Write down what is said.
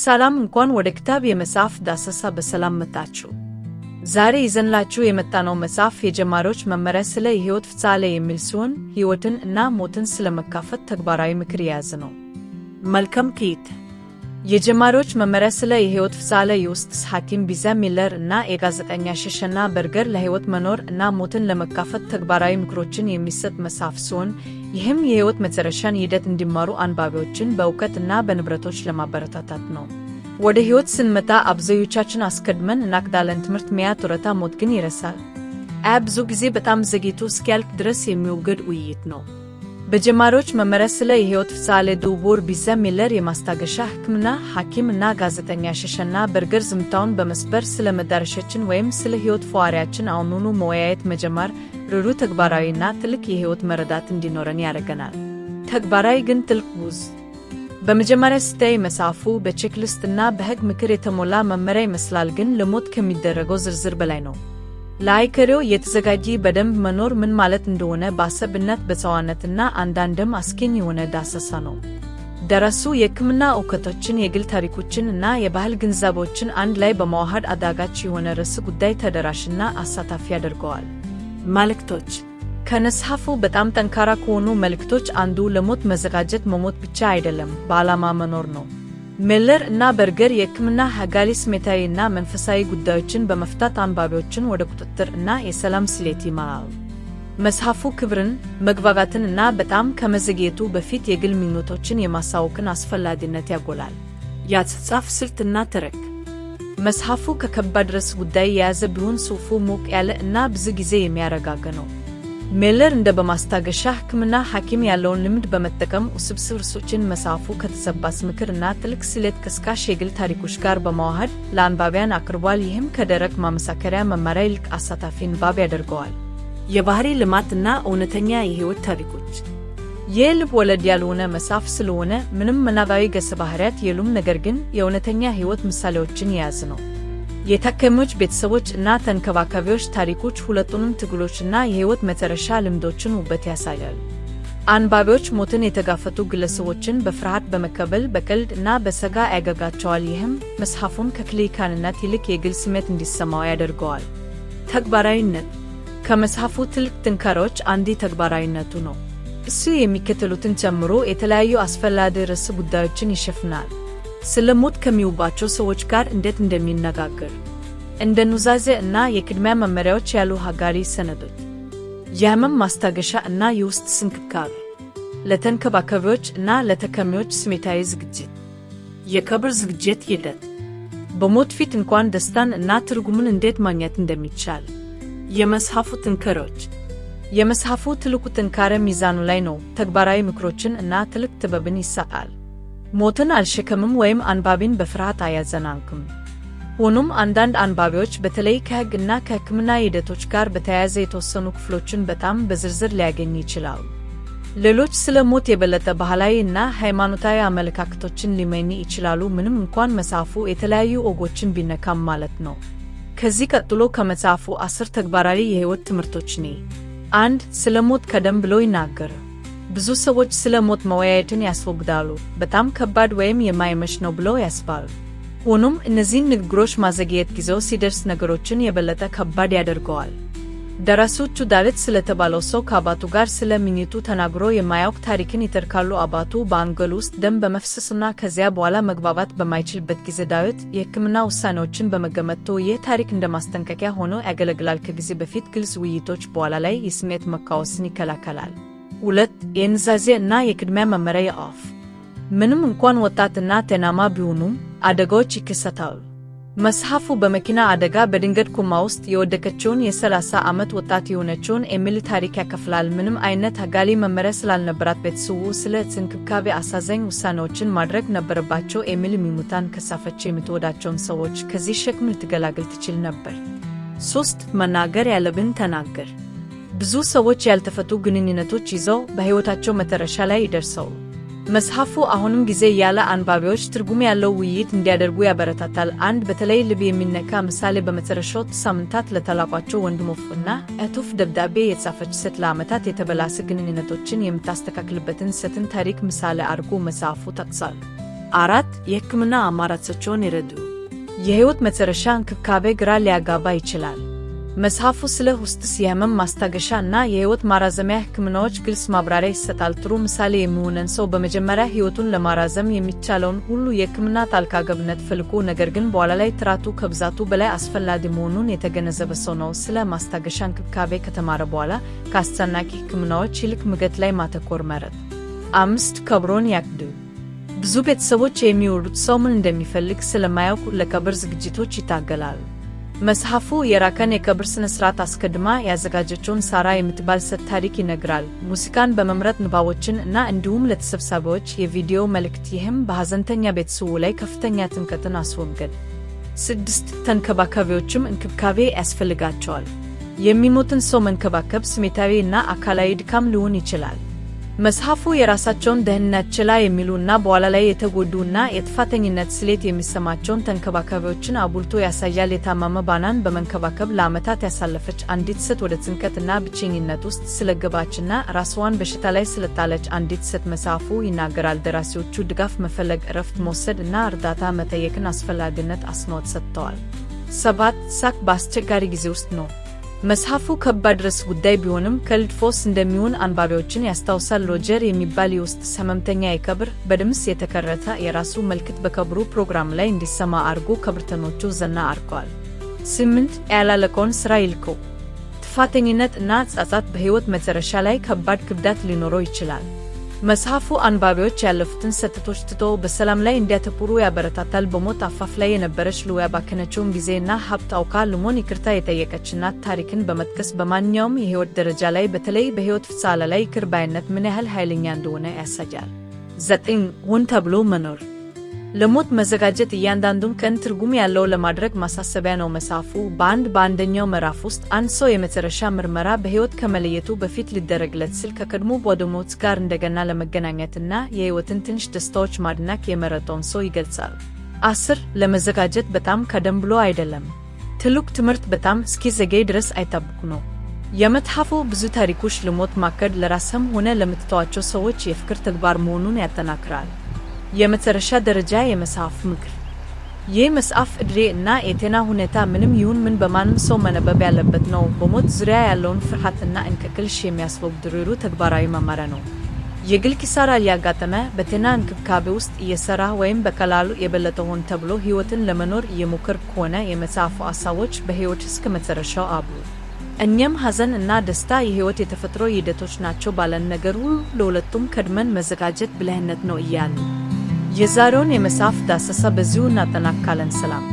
ሰላም እንኳን ወደ ክታብ የመጽሐፍ ዳሰሳ በሰላም መጣችሁ። ዛሬ ይዘንላችሁ የመጣነው መጽሐፍ የጀማሪዎች መመሪያ ስለ ሕይወት ፍጻሜ የሚል ሲሆን ሕይወትን እና ሞትን ስለ መካፈት ተግባራዊ ምክር የያዘ ነው። መልከም ኬት የጀማሪዎች መመሪያ ስለ የሕይወት ፍጻሜ የውስጥ ሐኪም ቢዛ ሚለር እና የጋዜጠኛ ሸሸና በርገር ለሕይወት መኖር እና ሞትን ለመካፈት ተግባራዊ ምክሮችን የሚሰጥ መጽሐፍ ሲሆን ይህም የሕይወት መጨረሻን ሂደት እንዲማሩ አንባቢዎችን በእውቀትና በንብረቶች ለማበረታታት ነው። ወደ ሕይወት ስንመጣ አብዛኞቻችን አስቀድመን እናቅዳለን። ትምህርት ሚያ ጡረታ፣ ሞት ግን ይረሳል። አያ ብዙ ጊዜ በጣም ዘግይቶ እስኪያልቅ ድረስ የሚወገድ ውይይት ነው። በጀማሪዎች መመሪያ ስለ የህይወት ፍጻሜ ድውቡር ቢዘ ሚለር የማስታገሻ ህክምና ሐኪም እና ጋዜጠኛ ሸሸና በርገር ዝምታውን በመስበር ስለ መዳረሻችን ወይም ስለ ህይወት ፈዋሪያችን አሁኑኑ መወያየት መጀመር ርሩ ተግባራዊና ትልቅ የህይወት መረዳት እንዲኖረን ያደርገናል። ተግባራዊ ግን ትልቅ ጉዝ በመጀመሪያ ስታይ መጽሐፉ በቼክሊስት እና በህግ ምክር የተሞላ መመሪያ ይመስላል፣ ግን ለሞት ከሚደረገው ዝርዝር በላይ ነው። ለአይከሬው የተዘጋጀ በደንብ መኖር ምን ማለት እንደሆነ በአሰብነት በሰዋነትና አንዳንድም አስኪኝ የሆነ ዳሰሳ ነው። ደረሱ የሕክምና እውቀቶችን የግል ታሪኮችን እና የባህል ግንዛቤዎችን አንድ ላይ በማዋሃድ አዳጋች የሆነ ርዕስ ጉዳይ ተደራሽና አሳታፊ ያደርገዋል። መልእክቶች ከነስሐፉ በጣም ጠንካራ ከሆኑ መልእክቶች አንዱ ለሞት መዘጋጀት መሞት ብቻ አይደለም፣ በዓላማ መኖር ነው። ሜለር እና በርገር የሕክምና ስሜታዊ እና መንፈሳዊ ጉዳዮችን በመፍታት አንባቢዎችን ወደ ቁጥጥር እና የሰላም ስሌት ይመራሉ። መጽሐፉ ክብርን፣ መግባባትን እና በጣም ከመዘግየቱ በፊት የግል ምኞቶችን የማሳወቅን አስፈላጊነት ያጎላል። የአጻጻፍ ስልትና ተረክ መጽሐፉ ከከባድ ርዕሰ ጉዳይ የያዘ ቢሆን ጽሑፉ ሞቅ ያለ እና ብዙ ጊዜ የሚያረጋጋ ነው። ሜለር እንደ በማስታገሻ ሕክምና ሐኪም ያለውን ልምድ በመጠቀም ውስብስብ እርሶችን መጽሐፉ ከተሰባስ ምክር እና ትልቅ ስሌት ከስካሽ የግል ታሪኮች ጋር በማዋሃድ ለአንባቢያን አቅርቧል። ይህም ከደረቅ ማመሳከሪያ መማሪያ ይልቅ አሳታፊ ንባብ ያደርገዋል። የባህሪ ልማት እና እውነተኛ የህይወት ታሪኮች ልብ ወለድ ያልሆነ መጽሐፍ ስለሆነ ምንም ምናባዊ ገጸ ባህሪያት የሉም፣ ነገር ግን የእውነተኛ ህይወት ምሳሌዎችን የያዝ ነው። የታካሚዎች ቤተሰቦች እና ተንከባካቢዎች ታሪኮች ሁለቱንም ትግሎችና የሕይወት መጨረሻ ልምዶችን ውበት ያሳያሉ። አንባቢዎች ሞትን የተጋፈጡ ግለሰቦችን በፍርሃት በመቀበል በቀልድ እና በሰጋ ያገጋቸዋል። ይህም መጽሐፉን ከክሊካንነት ይልቅ የግል ስሜት እንዲሰማው ያደርገዋል። ተግባራዊነት ከመጽሐፉ ትልቅ ጥንካሬዎች አንዱ ተግባራዊነቱ ነው። እሱ የሚከተሉትን ጨምሮ የተለያዩ አስፈላጊ ርዕሰ ጉዳዮችን ይሸፍናል። ስለ ሞት ከሚውባቸው ሰዎች ጋር እንዴት እንደሚነጋገር እንደ ኑዛዜ እና የቅድሚያ መመሪያዎች ያሉ ሀጋሪ ሰነዶች፣ የህመም ማስታገሻ እና የውስጥ ስንክብካቤ፣ ለተንከባካቢዎች እና ለተከሚዎች ስሜታዊ ዝግጅት፣ የቀብር ዝግጅት ሂደት፣ በሞት ፊት እንኳን ደስታን እና ትርጉምን እንዴት ማግኘት እንደሚቻል። የመጽሐፉ ጥንካሬዎች የመጽሐፉ ትልቁ ጥንካሬ ሚዛኑ ላይ ነው። ተግባራዊ ምክሮችን እና ትልቅ ጥበብን ይሰጣል። ሞትን አልሸከምም ወይም አንባቢን በፍርሃት አያዘናንክም። ሆኖም አንዳንድ አንባቢዎች በተለይ ከሕግና እና ከሕክምና ሂደቶች ጋር በተያያዘ የተወሰኑ ክፍሎችን በጣም በዝርዝር ሊያገኙ ይችላሉ። ሌሎች ስለ ሞት የበለጠ ባህላዊ እና ሃይማኖታዊ አመለካከቶችን ሊመኝ ይችላሉ፣ ምንም እንኳን መጽሐፉ የተለያዩ ወጎችን ቢነካም ማለት ነው። ከዚህ ቀጥሎ ከመጽሐፉ አስር ተግባራዊ የሕይወት ትምህርቶች ኔ አንድ ስለ ሞት ከደም ብሎ ይናገር ብዙ ሰዎች ስለ ሞት መወያየትን ያስወግዳሉ፣ በጣም ከባድ ወይም የማይመች ነው ብለው ያስባሉ። ሆኖም እነዚህን ንግግሮች ማዘግየት ጊዜው ሲደርስ ነገሮችን የበለጠ ከባድ ያደርገዋል። ደራሲዎቹ ዳዊት ስለተባለው ሰው ከአባቱ ጋር ስለ ምኝቱ ተናግሮ የማያውቅ ታሪክን ይተርካሉ። አባቱ በአንጎል ውስጥ ደም በመፍሰስና ከዚያ በኋላ መግባባት በማይችልበት ጊዜ ዳዊት የሕክምና ውሳኔዎችን በመገመቶ ይህ ታሪክ እንደ ማስጠንቀቂያ ሆኖ ያገለግላል። ከጊዜ በፊት ግልጽ ውይይቶች በኋላ ላይ የስሜት መቃወስን ይከላከላል። ሁለት የንዛዜ እና የቅድሚያ መመሪያ የአፍ ምንም እንኳን ወጣትና ጤናማ ቢሆኑም አደጋዎች ይከሰታሉ። መጽሐፉ በመኪና አደጋ በድንገት ኮማ ውስጥ የወደቀችውን የ30 ዓመት ወጣት የሆነችውን ኤሚል ታሪክ ያከፍላል። ምንም አይነት አጋሊ መመሪያ ስላልነበራት ቤተሰቡ ስለ እንክብካቤ አሳዛኝ ውሳኔዎችን ማድረግ ነበረባቸው። ኤሚል ሚሙታን ከሳፈች የምትወዳቸውን ሰዎች ከዚህ ሸክም ልትገላግል ትችል ነበር። ሶስት መናገር ያለብን ተናገር ብዙ ሰዎች ያልተፈቱ ግንኙነቶች ይዘው በሕይወታቸው መተረሻ ላይ ይደርሰው። መጽሐፉ አሁንም ጊዜ ያለ አንባቢዎች ትርጉም ያለው ውይይት እንዲያደርጉ ያበረታታል። አንድ በተለይ ልብ የሚነካ ምሳሌ በመጨረሻዎቹ ሳምንታት ለተላቋቸው ወንድሞፍና እህቶች ደብዳቤ የተጻፈች ሴት ለዓመታት የተበላሸ ግንኙነቶችን የምታስተካክልበትን ሴትን ታሪክ ምሳሌ አድርጎ መጽሐፉ ጠቅሷል። አራት የሕክምና አማራጮችን ይረዱ። የሕይወት መጨረሻ እንክብካቤ ግራ ሊያጋባ ይችላል። መጽሐፉ ስለ ሆስፒስ የህመም ማስታገሻ እና የህይወት ማራዘሚያ ህክምናዎች ግልጽ ማብራሪያ ይሰጣል። ጥሩ ምሳሌ የሚሆነን ሰው በመጀመሪያ ህይወቱን ለማራዘም የሚቻለውን ሁሉ የህክምና ጣልቃ ገብነት ፈልጎ፣ ነገር ግን በኋላ ላይ ጥራቱ ከብዛቱ በላይ አስፈላጊ መሆኑን የተገነዘበ ሰው ነው። ስለ ማስታገሻ እንክብካቤ ከተማረ በኋላ ከአስጨናቂ ህክምናዎች ይልቅ ምገት ላይ ማተኮር መረጥ። አምስት ከብሮን ያቅዱ ብዙ ቤተሰቦች የሚወዱት ሰው ምን እንደሚፈልግ ስለማያውቁ ለቀብር ዝግጅቶች ይታገላሉ። መጽሐፉ የራከን የቀብር ሥነ ሥርዓት አስቀድማ ያዘጋጀችውን ሳራ የምትባል ሴት ታሪክ ይነግራል። ሙዚቃን በመምረጥ ንባቦችን እና እንዲሁም ለተሰብሳቢዎች የቪዲዮ መልእክት፣ ይህም በሐዘንተኛ ቤተሰቡ ላይ ከፍተኛ ጭንቀትን አስወገድ። ስድስት ተንከባካቢዎችም እንክብካቤ ያስፈልጋቸዋል። የሚሞትን ሰው መንከባከብ ስሜታዊ እና አካላዊ ድካም ሊሆን ይችላል። መጽሐፉ የራሳቸውን ደህንነት ችላ የሚሉና በኋላ ላይ የተጎዱና የጥፋተኝነት ስሌት የሚሰማቸውን ተንከባካቢዎችን አጉልቶ ያሳያል። የታመመ ባናን በመንከባከብ ለዓመታት ያሳለፈች አንዲት ሴት ወደ ጭንቀትና ብቸኝነት ውስጥ ስለገባችና ራስዋን በሽታ ላይ ስለጣለች አንዲት ሴት መጽሐፉ ይናገራል። ደራሲዎቹ ድጋፍ መፈለግ፣ እረፍት መውሰድ እና እርዳታ መጠየቅን አስፈላጊነት አጽንዖት ሰጥተዋል። ሰባት ሳክ በአስቸጋሪ ጊዜ ውስጥ ነው። መጽሐፉ ከባድ ርዕስ ጉዳይ ቢሆንም ከልድፎስ እንደሚሆን አንባቢዎችን ያስታውሳል። ሮጀር የሚባል የውስጥ ሰመምተኛ የከብር በድምፅ የተከረተ የራሱ መልክት በከብሩ ፕሮግራም ላይ እንዲሰማ አድርጎ ከብርተኖቹ ዘና አድርገዋል። ስምንት ያላለቀውን ሥራ ይልከው። ጥፋተኝነት እና ጸጸት በሕይወት መጨረሻ ላይ ከባድ ክብዳት ሊኖረው ይችላል። መጽሐፉ አንባቢዎች ያለፉትን ስህተቶች ትቶ በሰላም ላይ እንዲያተኩሩ ያበረታታል። በሞት አፋፍ ላይ የነበረች ሉዊ ያባከነችውን ጊዜና ሀብት አውካ ልሞን ይቅርታ የጠየቀች እናት ታሪክን በመጥቀስ በማንኛውም የህይወት ደረጃ ላይ በተለይ በህይወት ፍጻሜ ላይ ይቅር ባይነት ምን ያህል ኃይለኛ እንደሆነ ያሳያል። ዘጠኝ ሆን ተብሎ መኖር ለሞት መዘጋጀት እያንዳንዱን ቀን ትርጉም ያለው ለማድረግ ማሳሰቢያ ነው። መጽሐፉ በአንድ በአንደኛው ምዕራፍ ውስጥ አንድ ሰው የመጨረሻ ምርመራ በሕይወት ከመለየቱ በፊት ሊደረግለት ሲል ከቀድሞ ጓደኞቹ ጋር እንደገና ለመገናኘትና የሕይወትን ትንሽ ደስታዎች ማድናቅ የመረጠውን ሰው ይገልጻል። አስር ለመዘጋጀት በጣም ቀደም ብሎ አይደለም። ትልቅ ትምህርት በጣም እስኪዘገይ ድረስ አይጠብቁ ነው። የመጽሐፉ ብዙ ታሪኮች ለሞት ማቀድ ለራስህም ሆነ ለምትተዋቸው ሰዎች የፍቅር ተግባር መሆኑን ያጠናክራል። የመጨረሻ ደረጃ የመጽሐፍ ምክር። ይህ መጽሐፍ ዕድሜ እና የጤና ሁኔታ ምንም ይሁን ምን በማንም ሰው መነበብ ያለበት ነው። በሞት ዙሪያ ያለውን ፍርሃትና እንቅልሽ የሚያስወግድሩ ተግባራዊ መመሪያ ነው። የግል ኪሳራ እያጋጠመ በጤና እንክብካቤ ውስጥ እየሰራ ወይም በቀላሉ የበለጠ ሆን ተብሎ ህይወትን ለመኖር እየሞከር ከሆነ የመጽሐፉ ሀሳቦች በህይወት እስከ መጨረሻው አብሩ። እኛም ሀዘን እና ደስታ የህይወት የተፈጥሮ ሂደቶች ናቸው ባለን ነገር ሁሉ ለሁለቱም ቀድመን መዘጋጀት ብልህነት ነው እያልን የዛሬውን የመጽሐፍ ዳሰሳ በዚሁ እናጠናቅቃለን። ሰላም